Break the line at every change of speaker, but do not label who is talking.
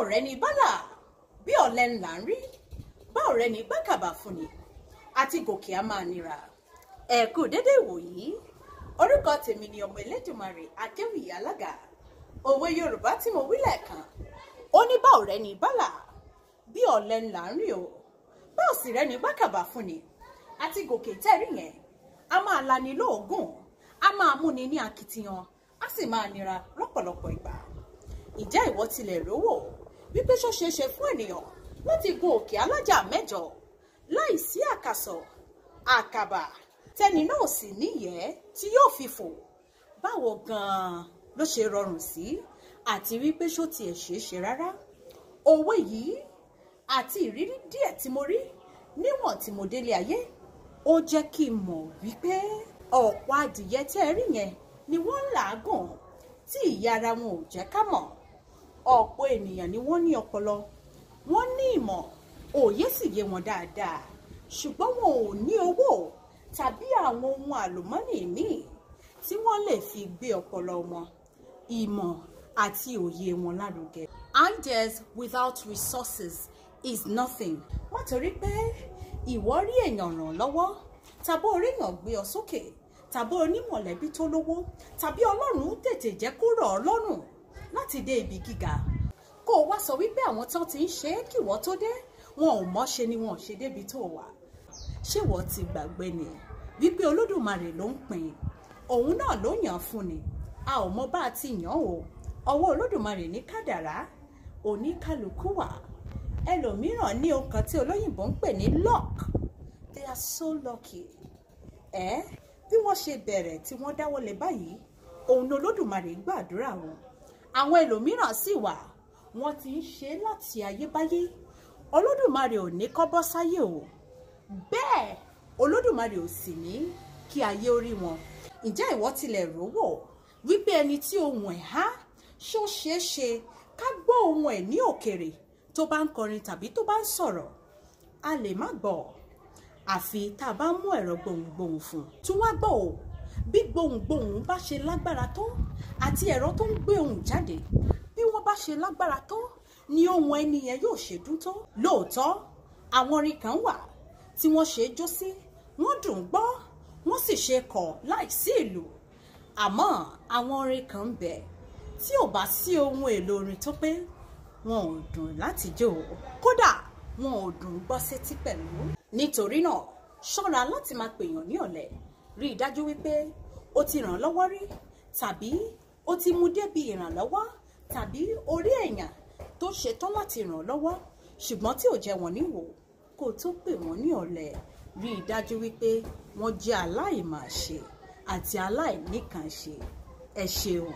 ọ̀rẹ́ ni bálà bí ọ̀lẹ ńlá ń rí bá ọ̀rẹ́ ni gbàkàbà fún ni àti gòkè á máa nira ẹ kú déédéé wòyí orúkọ tèmi ni ọmọ Elédùmarè Adéwìyí Alága òwe Yorùbá tí mo wí lẹ́ẹ̀kan ó ní bá ọ̀rẹ́ ni bálà bí ọ̀lẹ ńlá ń rí o bá òsì rẹ ni gbàkàbà fún ni àti gòkè tẹ́rí yẹn a máa lani lóògùn a máa múni ní akitiyan a sì máa nira lọ́pọ̀lọpọ̀ ìgbà ìjẹ́ ìwọ tilẹ̀ rówó wípé ṣó ṣeé ṣe fún ènìyàn láti gun òkè alájà mẹ́jọ láì sí àkàsọ̀ àkàbà tẹni náà sì níyẹ̀ẹ́ tí yóò fi fò báwo gan-an ló ṣe rọrùn sí àti wípé ṣó tiẹ̀ ṣeé ṣe rárá òwe yìí àti ìrírí díẹ̀ tí mo rí níwọ̀n tí mo délé ayé ó jẹ́ kí n mọ̀ wípé ọ̀pọ̀ adìyẹ tẹ́ ẹ rí yẹn ni wọ́n ń làágùn tí ìyá ara wọn ò jẹ́ ká mọ̀ ọ̀pọ̀ ènìyàn ni wọ́n ní ọpọlọ wọ́n ní ìmọ̀ òye sì yé wọn dáadáa ṣùgbọ́n wọn ò ní owó tàbí àwọn ohun àlùmọ́nì míì tí wọ́n lè fi gbé ọpọlọ wọn ìmọ̀ àti òye wọn lárugẹ. ideas without resources is nothing. wọ́n torí pé ìwọ rí èèyàn ràn lọ́wọ́ tàbí oríyàn gbé ọ sókè tàbí onímọ̀lẹ́bí tó lówó tàbí ọlọ́run tètè jẹ́ kó rọ̀ ọ́ lọ́rùn láti dé ibi gíga kó o wá sọ wípé àwọn tán ti ń ṣe é kí wọ́n tó dé wọn ò mọ́ṣe ni wọn ò ṣe débi tó wà ṣé wọ́n ti gbàgbé ni wípé olódùmarè ló ń pín òun náà ló yàn fún ni a ò mọ bá a ti yàn o ọwọ́ olódùmarè ní kádàrá oníkálukú wà ẹlòmíràn ní ohun kan tí olóyìnbó ń pè ní luck they are so lucky ẹ bí wọ́n ṣe bẹ̀rẹ̀ tí wọ́n dáwọ́lé báyìí òun olódùmarè gbàdúrà wọn àwọn ẹlòmíràn sì wà wọ́n ti ń ṣe láti ayébáyé olódùmarè ò ní kọ́ bọ́ sáyé o bẹ́ẹ̀ olódùmarè ò sì ní kí ayé orí wọn ǹjẹ́ ìwọ tilẹ̀ rówó wípé ẹni tí ohun ẹ̀ há ṣó ṣeé ṣe ká gbọ́ ohun ẹ̀ ní òkèrè tó bá ń kọrin tàbí tó bá ń sọ̀rọ̀ a lè má gbọ́ àfi tá a bá mú ẹ̀rọ gbohùngbohùn fún tún wá gbọ́ o bí gbohùngbohùn bá ṣe lágbára tó àti ẹ̀rọ tó ń gbé ohùn jáde bí wọ́n bá ṣe lágbára tó ni ohùn ẹni yẹn yóò ṣe dún tó. lóòótọ́ àwọn orin kan wà tí wọ́n ṣe é jó sí wọ́n dùn gbọ́ wọ́n sì ṣe kọ̀ láìsí ìlú àmọ́ àwọn orin kan ń bẹ tí ò bá sí ohun èlò orin tó pé wọn ò dùn láti jó kódà wọn ò dùn gbọ́ sétí pẹ̀lú. nítorí náà ṣọ́ra láti máa pèèyàn ní ọ̀lẹ rí i dájú wípé o ti ràn lọ́wọ́ rí tàbí o ti mú débi ìrànlọ́wọ́ tàbí orí èèyàn tó ṣetán láti ràn lọ́wọ́ ṣùgbọ́n tí ò jẹ́ wọ́n níwò kó tó pè wọ́n ní ọ̀lẹ rí i dájú wípé wọ́n jẹ́ aláìmàṣe àti aláìníkànṣe ẹ ṣeun.